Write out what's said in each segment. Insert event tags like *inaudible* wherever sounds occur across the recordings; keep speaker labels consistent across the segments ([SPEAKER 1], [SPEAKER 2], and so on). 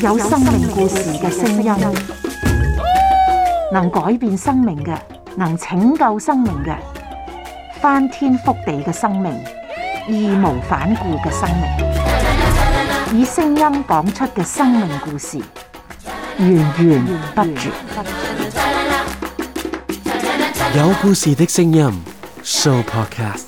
[SPEAKER 1] 有生命故事嘅聲音，能改變生命嘅，能拯救生命嘅，翻天覆地嘅生命，義無反顧
[SPEAKER 2] 嘅生命，以聲音講出嘅生命故事，
[SPEAKER 3] 源源不絕。有故事嘅聲音，Show Podcast。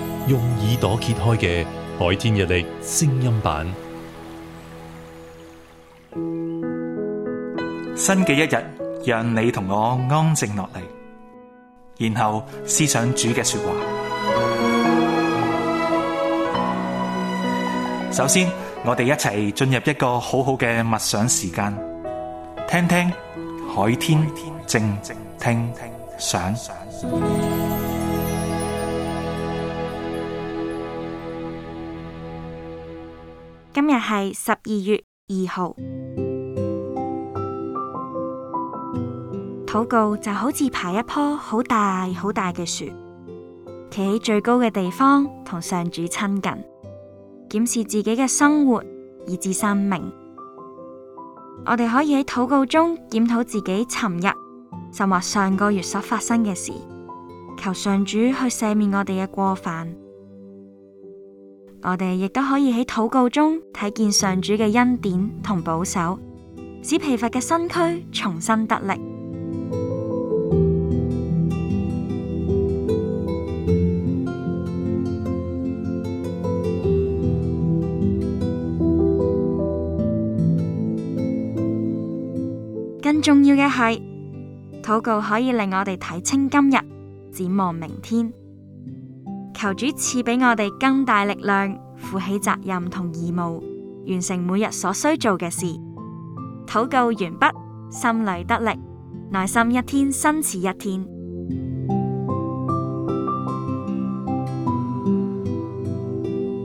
[SPEAKER 4] 用耳朵揭開嘅海天日曆聲音版，
[SPEAKER 3] 新嘅一日，讓你同我安靜落嚟，然後思想主嘅說話。首先，我哋一齊進入一個好好嘅默想時間，聽聽海天，靜靜，聽聽想。
[SPEAKER 2] 今日係十二月二號，禱告就好似爬一棵好大好大嘅樹，企喺最高嘅地方同上主親近，檢視自己嘅生活以至生命。我哋可以喺禱告中檢討自己尋日，甚或上個月所發生嘅事，求上主去赦免我哋嘅過犯。我哋亦都可以喺禱告中睇見上主嘅恩典同保守，使疲乏嘅身軀重新得力。更重要嘅係，禱告可以令我哋睇清今日，展望明天。求主賜俾我哋更大力量，負起責任同義務，完成每日所需做嘅事。禱告完畢，心裏得力，內心一天新似一天。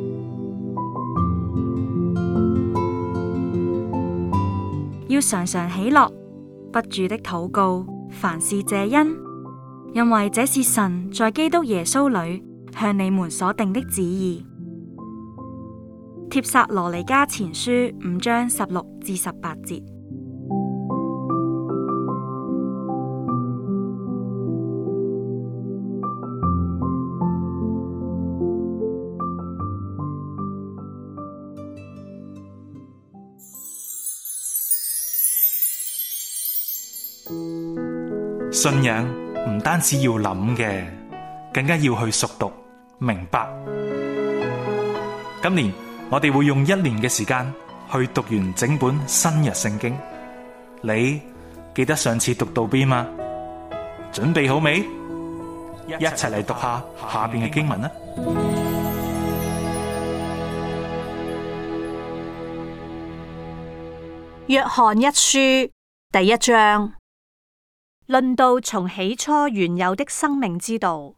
[SPEAKER 2] *music* 要常常喜樂，不住的禱告，凡事謝恩，因為這是神在基督耶穌裏。向你們所定的旨意。帖撒羅尼迦前書五章十六至十八節。
[SPEAKER 3] 信仰唔單止要諗嘅，更加要去熟讀。明白。今年我哋會用一年嘅時間去讀完整本新約聖經。你記得上次讀到邊嗎？準備好未？一齊嚟讀下下邊嘅經文啊。
[SPEAKER 1] 約翰一書第一章，論到從起初原有的生命之道。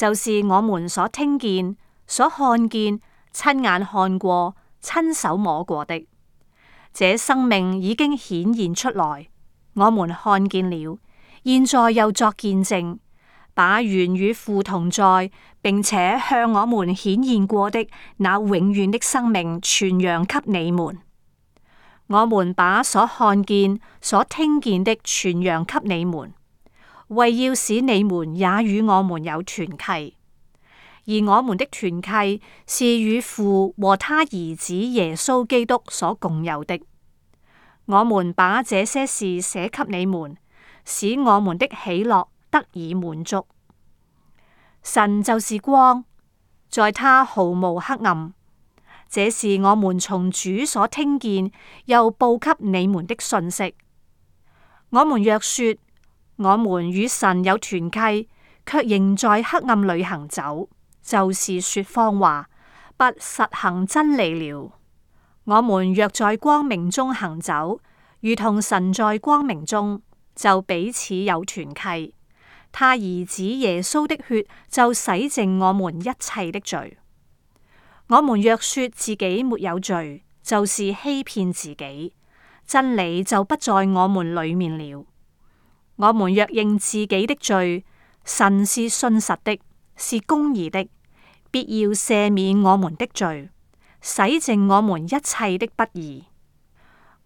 [SPEAKER 1] 就是我們所聽見、所看見、親眼看過、親手摸過的，這生命已經顯現出來，我們看見了，現在又作見證，把原與父同在，並且向我們顯現過的那永遠的生命，傳揚給你們。我們把所看見、所聽見的，傳揚給你們。為要使你們也與我們有團契，而我們的團契是與父和他兒子耶穌基督所共有的。我們把這些事寫給你們，使我們的喜樂得以滿足。神就是光，在他毫無黑暗。這是我們從主所聽見，又報給你們的信息。我們若說，我們與神有團契，卻仍在黑暗裏行走，就是說謊話，不實行真理了。我們若在光明中行走，如同神在光明中，就彼此有團契。他兒子耶穌的血就洗淨我們一切的罪。我們若說自己沒有罪，就是欺騙自己，真理就不在我們裏面了。我們若認自己的罪，神是信實的，是公義的，必要赦免我們的罪，洗淨我們一切的不義。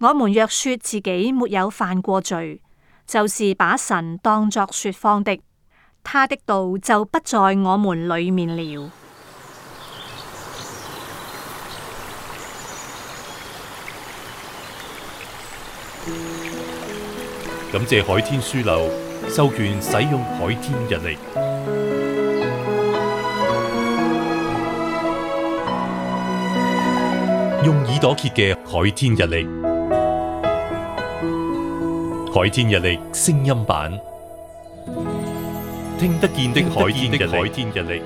[SPEAKER 1] 我們若說自己沒有犯過罪，就是把神當作說謊的，他的道就不在我們裏面了。
[SPEAKER 4] 感謝海天書樓授權使用海天日曆，用耳朵揭嘅海天日曆，海天日曆聲音版，
[SPEAKER 3] 聽得見的海
[SPEAKER 4] 天日曆。